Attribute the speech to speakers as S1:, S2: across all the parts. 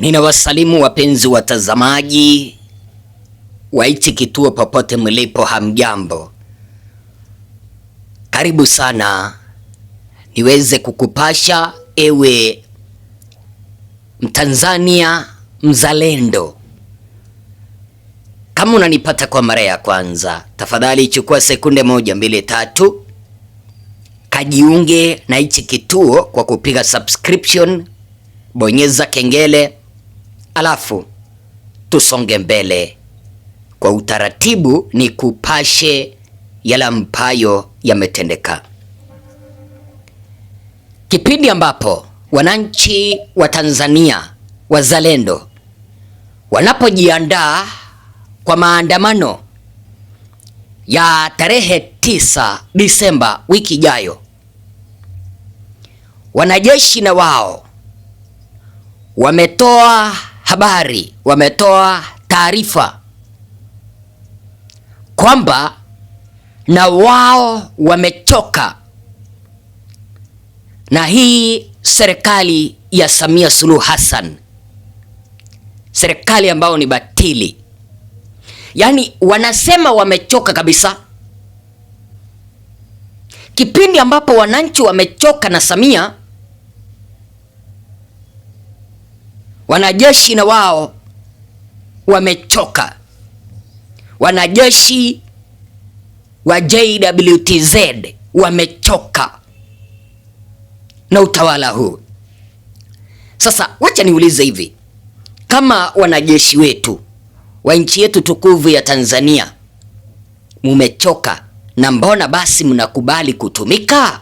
S1: Ninawasalimu wapenzi watazamaji wa kituo popote mlipo, hamjambo? Karibu sana niweze kukupasha ewe Mtanzania mzalendo. Kama unanipata kwa mara ya kwanza, tafadhali chukua sekunde moja, mbili, tatu, kajiunge na hichi kituo kwa kupiga subscription, bonyeza kengele Alafu tusonge mbele kwa utaratibu, ni kupashe yale ambayo yametendeka kipindi ambapo wananchi wa Tanzania wazalendo wanapojiandaa kwa maandamano ya tarehe tisa Disemba wiki ijayo, wanajeshi na wao wametoa habari wametoa taarifa kwamba na wao wamechoka na hii serikali ya Samia Suluhu Hassan, serikali ambayo ni batili. Yaani wanasema wamechoka kabisa, kipindi ambapo wananchi wamechoka na Samia Wanajeshi na wao wamechoka. Wanajeshi wa JWTZ wamechoka na utawala huu. Sasa wacha niulize hivi, kama wanajeshi wetu wa nchi yetu tukufu ya Tanzania mumechoka, na mbona basi mnakubali kutumika?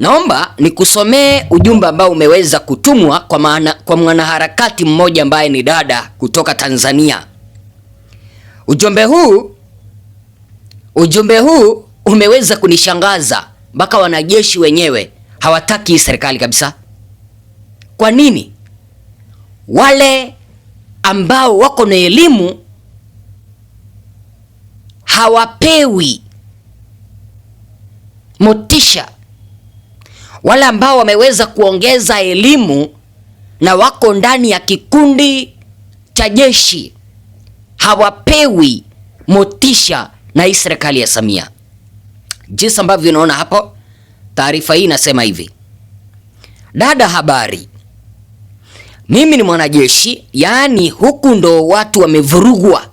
S1: Naomba nikusomee ujumbe ambao umeweza kutumwa kwa maana, kwa mwanaharakati mmoja ambaye ni dada kutoka Tanzania. Ujumbe huu ujumbe huu umeweza kunishangaza mpaka wanajeshi wenyewe hawataki serikali kabisa. Kwa nini? Wale ambao wako na elimu hawapewi motisha wale ambao wameweza kuongeza elimu na wako ndani ya kikundi cha jeshi hawapewi motisha na hii serikali ya Samia. Jinsi ambavyo unaona hapo, taarifa hii inasema hivi: dada habari, mimi ni mwanajeshi, yaani huku ndo watu wamevurugwa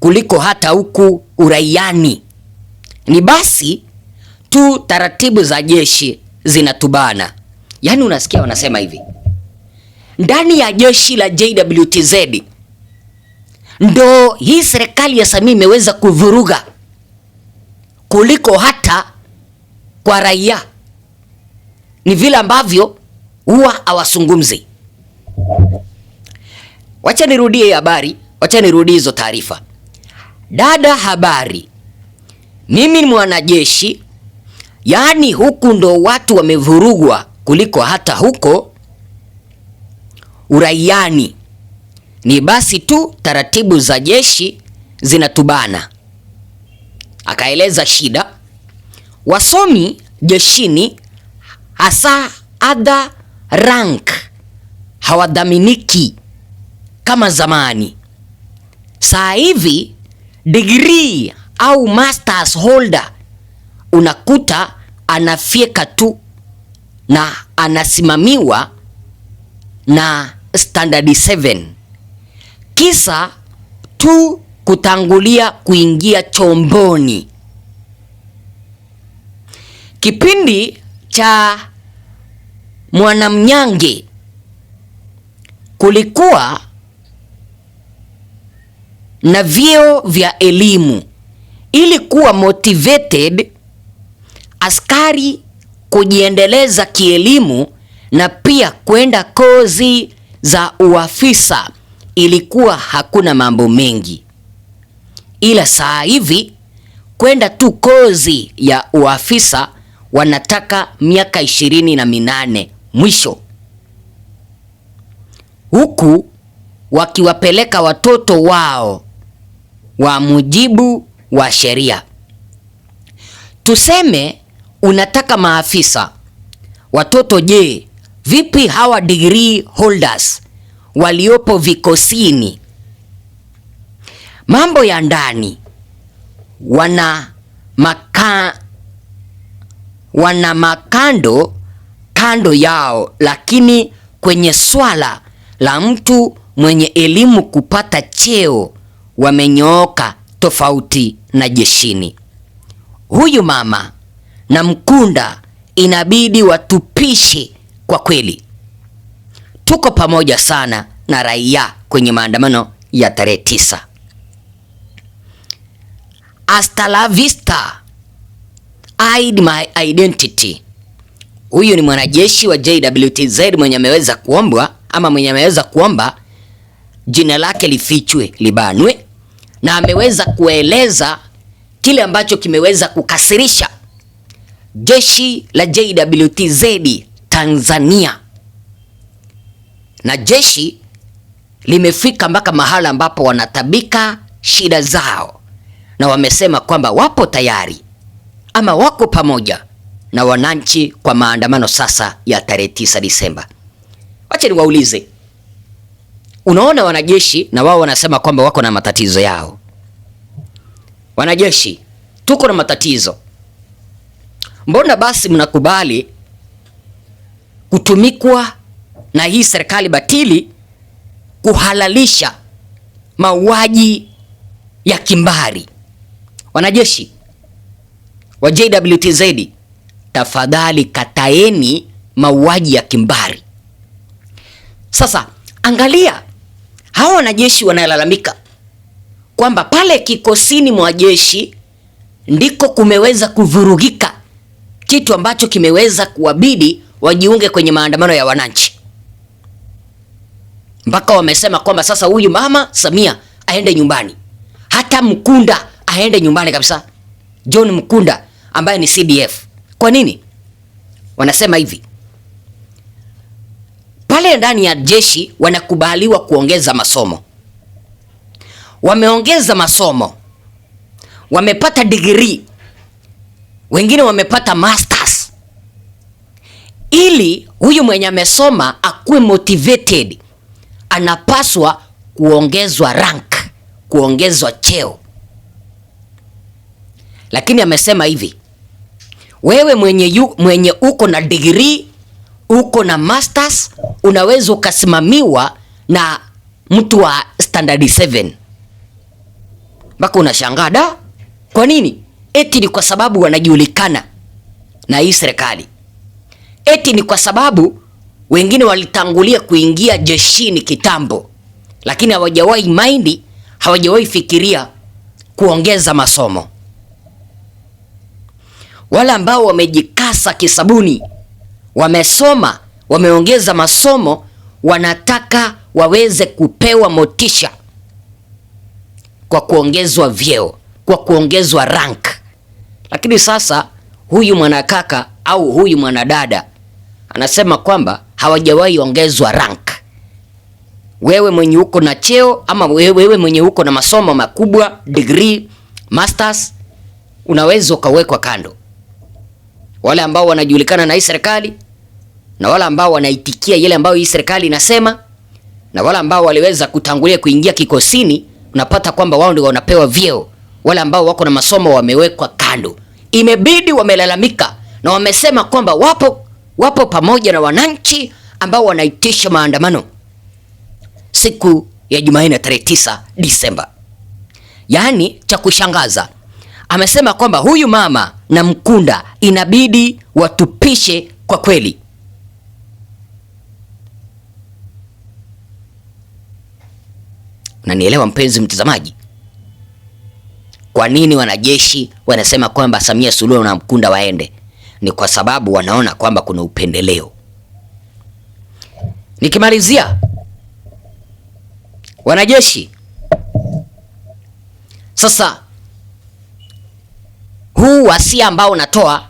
S1: kuliko hata huku uraiani. Ni basi tu taratibu za jeshi zinatubana. Yaani unasikia wanasema hivi ndani ya jeshi la JWTZ ndo hii serikali ya Samia imeweza kuvuruga kuliko hata kwa raia. Ni vile ambavyo huwa hawazungumzi. Wacha nirudie habari, wacha nirudie hizo taarifa. Dada habari, mimi ni mwanajeshi Yaani huku ndo watu wamevurugwa kuliko hata huko uraiani. Ni basi tu taratibu za jeshi zinatubana. Akaeleza shida wasomi jeshini, hasa ada rank hawadhaminiki kama zamani. Saa hivi degree au masters holder unakuta anafyeka tu na anasimamiwa na standard 7 kisa tu kutangulia kuingia chomboni. Kipindi cha Mwanamnyange kulikuwa na vyeo vya elimu ili kuwa motivated askari kujiendeleza kielimu na pia kwenda kozi za uafisa, ilikuwa hakuna mambo mengi, ila saa hivi kwenda tu kozi ya uafisa wanataka miaka ishirini na minane mwisho, huku wakiwapeleka watoto wao wa mujibu wa sheria. Tuseme unataka maafisa watoto. Je, vipi hawa degree holders waliopo vikosini, mambo ya ndani, wana maka, wana makando kando yao, lakini kwenye swala la mtu mwenye elimu kupata cheo wamenyooka, tofauti na jeshini. Huyu mama na Mkunda inabidi watupishe kwa kweli. Tuko pamoja sana na raia kwenye maandamano ya tarehe tisa. Hasta la vista, hide my identity. Huyu ni mwanajeshi wa JWTZ mwenye ameweza kuombwa ama mwenye ameweza kuomba jina lake lifichwe libanwe, na ameweza kueleza kile ambacho kimeweza kukasirisha jeshi la JWTZ Tanzania na jeshi limefika mpaka mahala ambapo wanatabika shida zao, na wamesema kwamba wapo tayari ama wako pamoja na wananchi kwa maandamano sasa ya tarehe 9 Disemba. Wacha niwaulize, unaona wanajeshi na wao wanasema kwamba wako na matatizo yao. Wanajeshi tuko na matatizo Mbona basi mnakubali kutumikwa na hii serikali batili kuhalalisha mauaji ya kimbari? Wanajeshi wa JWTZ, tafadhali kataeni mauaji ya kimbari. Sasa angalia hawa wanajeshi wanalalamika kwamba pale kikosini mwa jeshi ndiko kumeweza kuvurugika kitu ambacho kimeweza kuwabidi wajiunge kwenye maandamano ya wananchi, mpaka wamesema kwamba sasa huyu mama Samia aende nyumbani, hata Mkunda aende nyumbani kabisa, John Mkunda ambaye ni CDF. Kwa nini wanasema hivi? Pale ndani ya jeshi wanakubaliwa kuongeza masomo, wameongeza masomo, wamepata digrii wengine wamepata masters, ili huyu mwenye amesoma akuwe motivated, anapaswa kuongezwa rank, kuongezwa cheo. Lakini amesema hivi, wewe mwenye, yu, mwenye uko na degree uko na masters unaweza ukasimamiwa na mtu wa standard 7 mpaka unashangaa da, kwa nini? eti ni kwa sababu wanajulikana na hii serikali, eti ni kwa sababu wengine walitangulia kuingia jeshini kitambo, lakini hawajawahi maindi, hawajawahi fikiria kuongeza masomo. Wale ambao wamejikasa kisabuni, wamesoma, wameongeza masomo, wanataka waweze kupewa motisha kwa kuongezwa vyeo, kwa kuongezwa rank. Lakini sasa huyu mwanakaka au huyu mwanadada anasema kwamba hawajawahi ongezwa rank. Wewe mwenye uko na cheo ama wewe mwenye uko na masomo makubwa, degree, masters, unaweza ukawekwa kando. Wale ambao wanajulikana na hii serikali na wale ambao wanaitikia yale ambayo hii serikali inasema na wale ambao waliweza kutangulia kuingia kikosini, unapata kwamba wao ndio wanapewa vyeo. Wale ambao wako na masomo wamewekwa ambalo imebidi wamelalamika na wamesema kwamba wapo, wapo pamoja na wananchi ambao wanaitisha maandamano siku ya Jumanne tarehe 9 Disemba. Yaani cha kushangaza amesema kwamba huyu mama na Mkunda inabidi watupishe kwa kweli. Unanielewa mpenzi mtazamaji? Kwa nini wanajeshi wanasema kwamba Samia Suluhu na Mkunda waende? Ni kwa sababu wanaona kwamba kuna upendeleo. Nikimalizia, wanajeshi sasa, huu wasia ambao unatoa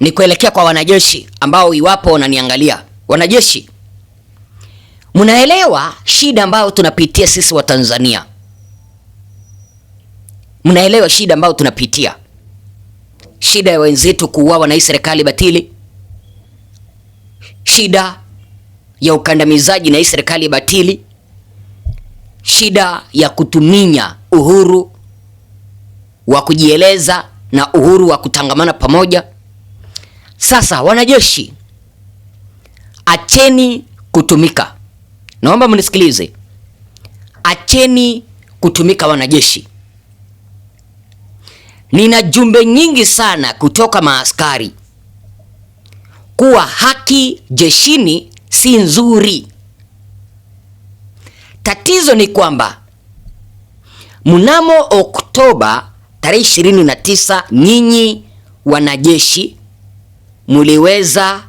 S1: ni kuelekea kwa wanajeshi ambao, iwapo wananiangalia, wanajeshi, mnaelewa shida ambayo tunapitia sisi Watanzania Mnaelewa shida ambayo tunapitia, shida ya wenzetu kuuawa na hii serikali batili, shida ya ukandamizaji na hii serikali batili, shida ya kutuminya uhuru wa kujieleza na uhuru wa kutangamana pamoja. Sasa wanajeshi, acheni kutumika, naomba mnisikilize. Acheni kutumika wanajeshi. Nina jumbe nyingi sana kutoka maaskari kuwa haki jeshini si nzuri. Tatizo ni kwamba mnamo Oktoba tarehe 29 nyinyi wanajeshi muliweza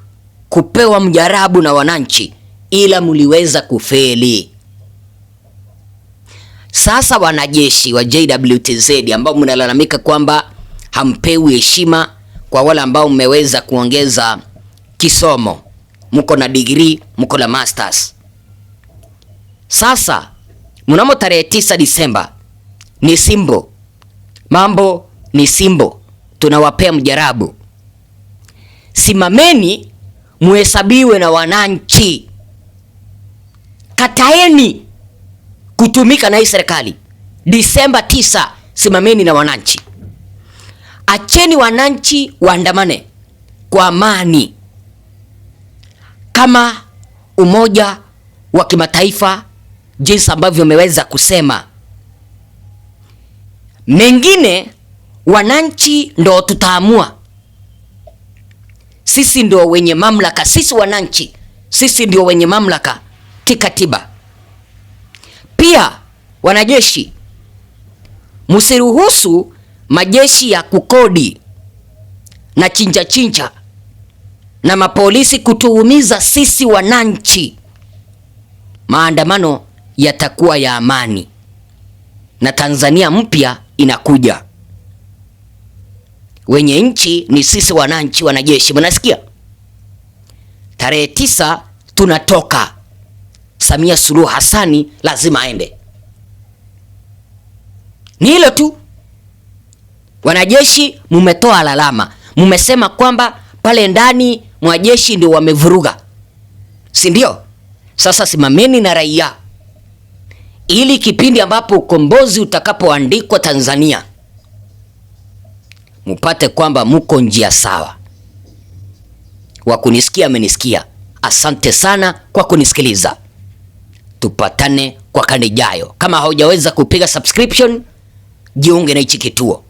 S1: kupewa mjarabu na wananchi, ila muliweza kufeli. Sasa wanajeshi wa JWTZ ambao mnalalamika kwamba hampewi heshima, kwa wale ambao mmeweza kuongeza kisomo, mko na degree, mko na masters. Sasa mnamo tarehe 9 Disemba ni simbo, mambo ni simbo, tunawapea mjarabu. Simameni muhesabiwe na wananchi, kataeni kutumika na hii serikali. Disemba tisa, simameni na wananchi, acheni wananchi waandamane kwa amani kama umoja wa kimataifa jinsi ambavyo umeweza kusema. Mengine wananchi ndo tutaamua, sisi ndio wenye mamlaka, sisi wananchi, sisi ndio wenye mamlaka kikatiba. Pia wanajeshi, msiruhusu majeshi ya kukodi na chinja chinja na mapolisi kutuumiza sisi wananchi. Maandamano yatakuwa ya amani na Tanzania mpya inakuja. Wenye nchi ni sisi wananchi, wanajeshi, mnasikia? Tarehe tisa tunatoka. Samia Suluhu Hassani lazima aende. Ni hilo tu. Wanajeshi mumetoa lalama, mumesema kwamba pale ndani mwa jeshi ndio wamevuruga, si ndio? Sasa simameni na raia, ili kipindi ambapo ukombozi utakapoandikwa Tanzania mupate kwamba muko njia sawa. Wakunisikia amenisikia. Asante sana kwa kunisikiliza tupatane kwa kanijayo. Kama haujaweza kupiga subscription, jiunge na hichi kituo.